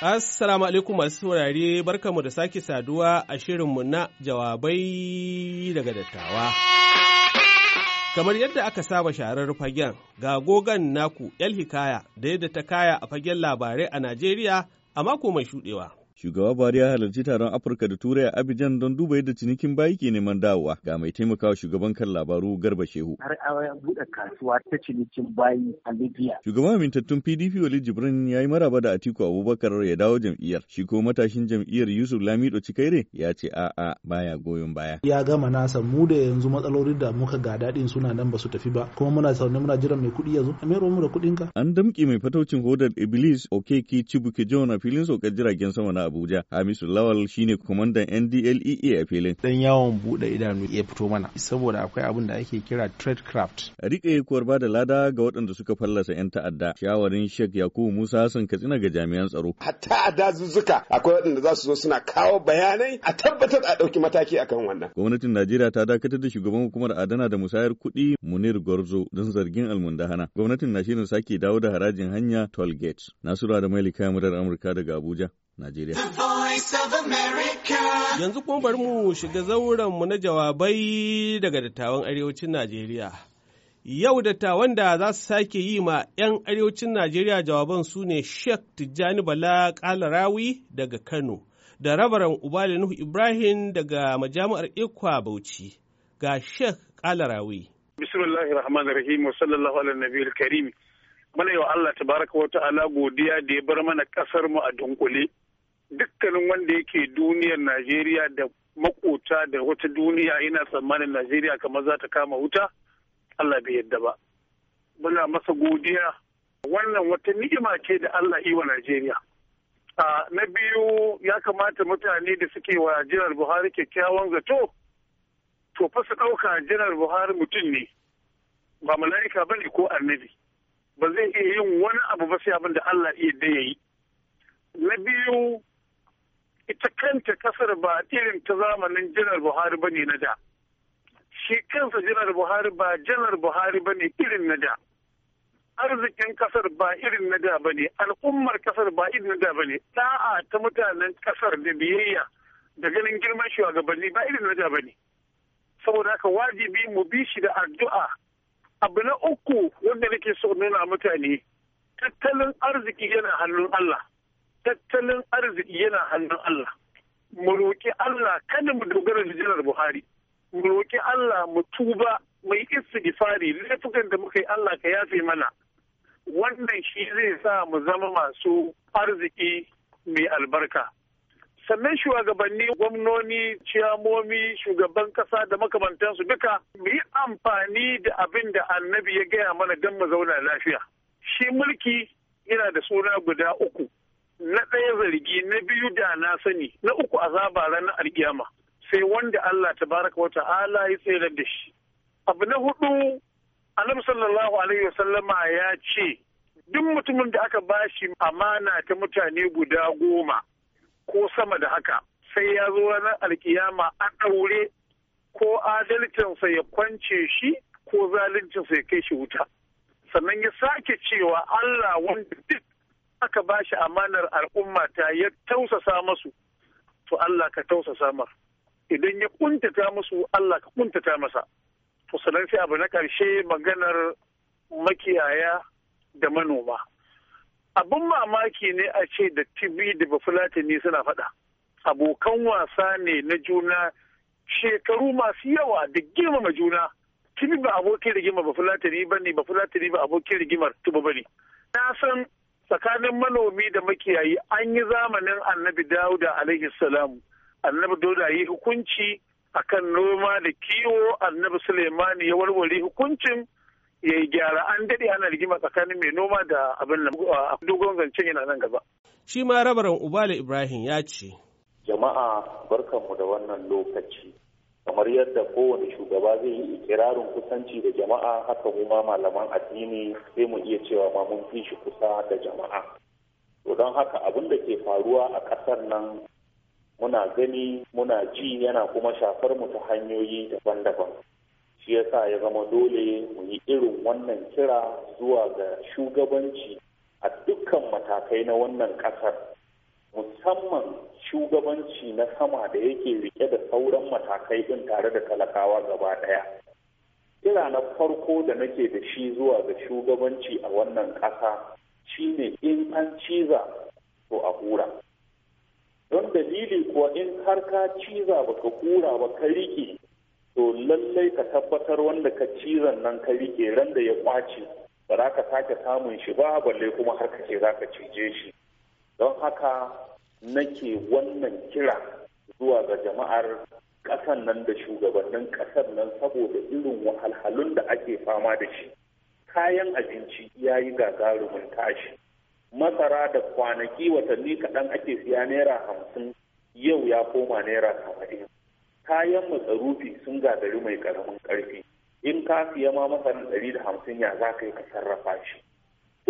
Assalamu alaikum masu saurare barkamu da sake saduwa a shirin mu na jawabai daga dattawa. Kamar yadda aka saba sharar fagen ga gogan naku 'yar Hikaya da yadda ta kaya a fagen labarai a Najeriya a mako mai shuɗewa. Shugaba Buhari ya halarci taron Afirka da Turai a abijan don duba yadda cinikin bayi ke neman dawowa ga mai taimakawa shugaban kan labaru Garba Shehu. Har aya buɗe kasuwa ta cinikin bayi a Libya. Shugaban amintattun PDP Wali Jibrin ya yi maraba da Atiku Abubakar ya dawo jam'iyyar. Shi ko matashin jam'iyyar Yusuf Lamido Cikaire ya ce a'a baya goyon baya. Ya gama nasa mu da yanzu matsalolin da muka ga daɗin suna nan ba su tafi ba kuma muna sauni muna jiran mai kuɗi yanzu. mu da kuɗinka? An damƙe mai fataucin hodar Iblis Okeke Chibuke Jona filin saukar jiragen sama na Abuja. Hamisu Lawal shine kwamandan NDLEA a filin. Dan yawon bude idanu ya fito mana saboda akwai abin da ake kira trade craft. Rike kuwar bada da lada ga waɗanda suka fallasa 'yan ta'adda. Shawarin Sheikh Yakub Musa Hassan Katsina ga jami'an tsaro. Hatta a dazuzzuka akwai waɗanda za su zo suna kawo bayanai a tabbatar a ɗauki mataki akan wannan. Gwamnatin Najeriya ta dakatar da shugaban hukumar adana da musayar kuɗi Munir Gorzo don zargin almundahana. Gwamnatin na shirin sake dawo da harajin hanya toll gate. Nasura da Mailika Murar Amurka daga Abuja. Najeriya. Yanzu kuma bari mu shiga zaurenmu na jawabai daga dattawan arewacin Najeriya. Yau dattawan da za su sake yi ma 'yan arewacin Najeriya jawaban su ne Sheikh Tijjani Bala Kalarawi daga Kano da Rabaran Ubali Nuhu Ibrahim daga Majami'ar Ikwa Bauchi ga Sheikh Kalarawi. Bismillahir Rahmanir Rahim wa sallallahu ala nabiyil karim. mana yau wa Allah tabaraka wa ta'ala godiya da ya bar mana kasar mu a dunkule. dukkanin wanda yake duniyar najeriya da makota da wata duniya yana tsammanin najeriya kamar za ta kama wuta allah bai yadda ba muna masa godiya wannan wata ni'ima ce da allah iwa najeriya na biyu ya kamata mutane da suke wa jiran buhari kyakkyawan zato to fa su ɗauka janar buhari mutum ne ba mala'ika ba ne ko annabi ba zai iya yin wani abu ba sai abin da allah iya da ya yi na biyu ita kanta kasar ba irin ta zamanin janar buhari ba ne na da shi kansa janar buhari ba janar buhari ba ne irin na da arzikin kasar ba irin na da ba ne al'ummar kasar ba irin na da ba ne da'a ta mutanen kasar da biyayya da ganin girman shugabanni ba irin na da ba ne saboda haka wajibi mu bi shi da addu'a abu na uku wanda nake so nuna mutane tattalin arziki yana hannun Allah tattalin arziki yana hannun Allah mu roƙi Allah kada mu dogara da janar Buhari mu roƙi Allah mu tuba mai istighfari laifukan da muka yi Allah ka yafe mana wannan shi zai sa mu zama masu arziki mai albarka sannan shugabanni gwamnoni ciyamomi shugaban kasa da makamantansu duka mu yi amfani da abin da annabi ya gaya mana don mu zauna lafiya shi mulki yana da suna guda uku na ɗaya zargi na biyu da na sani na uku a azaba ranar alkiyama sai wanda Allah Ta baraka wa ta'ala ya tsere da shi abu na hudu annabi sallallahu alaihi wasallama ya ce duk mutumin da aka ba shi amana ta mutane guda goma ko sama da haka sai ya zo ranar alkiyama a ɗaure ko adalcinsa ya kwance shi ko zaluncinsa ya kai shi wuta sannan ya sake cewa Allah wanda duk aka ba shi amanar al'umma ta ya tausasa masu to Allah ka tausasa ma idan ya kuntata masu, Allah ka kuntata masa to sanan sai abu na karshe maganar makiyaya da manoma abin mamaki ne a ce da tibi da bafulatani suna faɗa abokan wasa ne na juna shekaru masu yawa da girmama juna tibi ba abokin rigimar bafulatani ba ne bafulatani ba abokin rigimar tuba ba ne na san tsakanin manomi da makiyayi an yi zamanin annabi dauda alaihi salam annabi dauda yi hukunci akan noma da kiwo annabi suleimani ya warware hukuncin ya yi gyara an daɗe ana rigima tsakanin mai noma da abin da dogon zancen yana nan gaba. shi ma rabaran ubala ibrahim ya ce jama'a barkanmu da wannan lokaci kamar yadda kowane shugaba zai yi ikirarin kusanci da jama'a haka mu malaman addini sai mu iya cewa ma mun fi shi kusa da jama'a to don haka abin da ke faruwa a ƙasar nan muna gani muna ji yana kuma shafar mu ta hanyoyi daban-daban shi yasa ya zama dole mu yi irin wannan kira zuwa ga shugabanci a dukkan matakai na wannan ƙasar musamman shugabanci na sama da yake rike da sauran matakai ɗin tare da talakawa gaba ɗaya. Kira na farko da nake da shi zuwa ga shugabanci a wannan ƙasa shine in an ciza to a hura. Don dalili kuwa in har ka ciza baka hura ba ka rike to lallai ka tabbatar wanda ka cizan nan ka rike ran da ya kwace ba za ka sake samun shi ba balle kuma har ka ce za ka cije shi. don haka nake wannan kira zuwa ga jama'ar ƙasan nan da shugabannin ƙasar nan saboda irin wahalhalun da ake fama da shi kayan abinci ya yi gagarumin tashi masara da kwanaki watanni kaɗan ake siya naira hamsin yau ya koma naira saba'in kayan matsarufi sun gagari mai ƙaramin ƙarfi in ka siya ma masarar ɗari da hamsin ya za ka yi ka sarrafa shi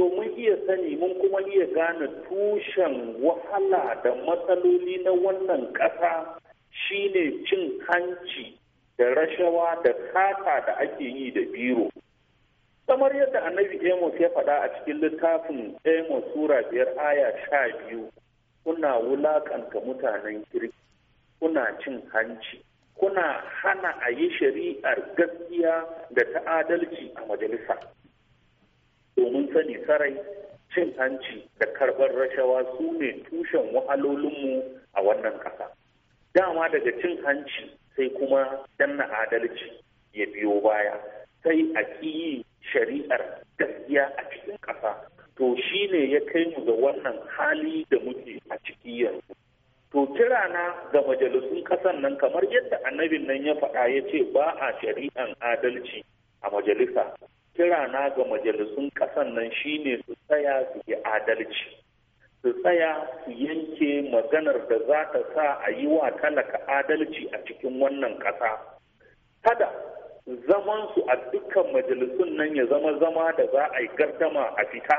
to mun iya sani mun kuma iya gane tushen wahala da matsaloli na wannan ƙasa shine cin hanci da rashawa da kata da ake yi da biro kamar yadda annabi amos ya faɗa a cikin littafin amos sura biyar aya sha biyu kuna wulaƙanta mutanen kirki kuna cin hanci kuna hana a yi shari'ar gaskiya da ta adalci a majalisa domin sani sarai cin hanci da karɓar rashawa su ne tushen wahalolinmu a wannan ƙasa. Dama daga cin hanci sai kuma danna adalci ya biyo baya sai a ƙiyi shari'ar gaskiya a cikin ƙasa. To shi ne ya kai mu ga wannan hali da muke a ciki yanzu. To kira na ga majalisun ƙasan nan kamar yadda annabin nan ya faɗa ya ce ba a shari'an adalci a majalisa Kirana ga majalisun ƙasan nan shine su tsaya su yi adalci su tsaya su yanke maganar da za ta sa a yi wa talaka adalci a cikin wannan ƙasa kada su a dukkan majalisun nan ya zama zama da za a yi gardama a fita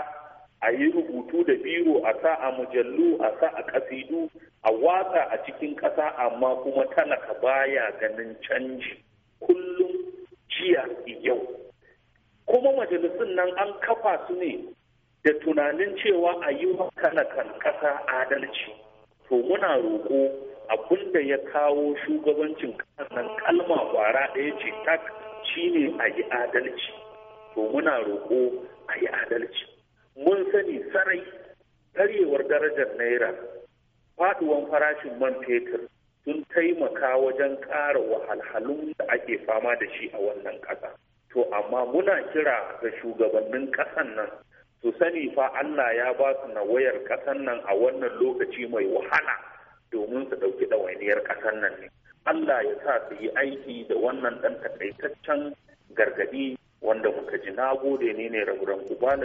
a yi rubutu da biro a sa a mujallu a sa a kasidu a watsa a cikin ƙasa amma kuma talaka baya ganin canji kullum jiya yau kuma majalisun nan an kafa su ne da tunanin cewa a yi wa ƙasa adalci to muna roƙo abin da ya kawo shugabancin ƙasar nan kalma kwara ɗaya ce tak shine a yi adalci to muna roƙo a yi adalci mun sani sarai karyewar darajar naira faduwan farashin man fetur sun taimaka wajen ƙara wahalhalun da ake fama da shi a wannan ƙasa to amma muna kira ga shugabannin ƙasan nan su sani fa Allah ya ba su na wayar ƙasan nan a wannan lokaci mai wahala domin su ɗauki ɗawainiyar ƙasan nan ne Allah ya sa su yi aiki da wannan ɗan takaitaccen gargaɗi wanda muka ji na gode ne ne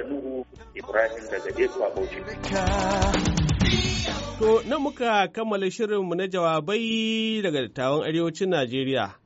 nuhu ibrahim daga ekwa bauchi to na muka kammala shirinmu na jawabai daga dattawan arewacin najeriya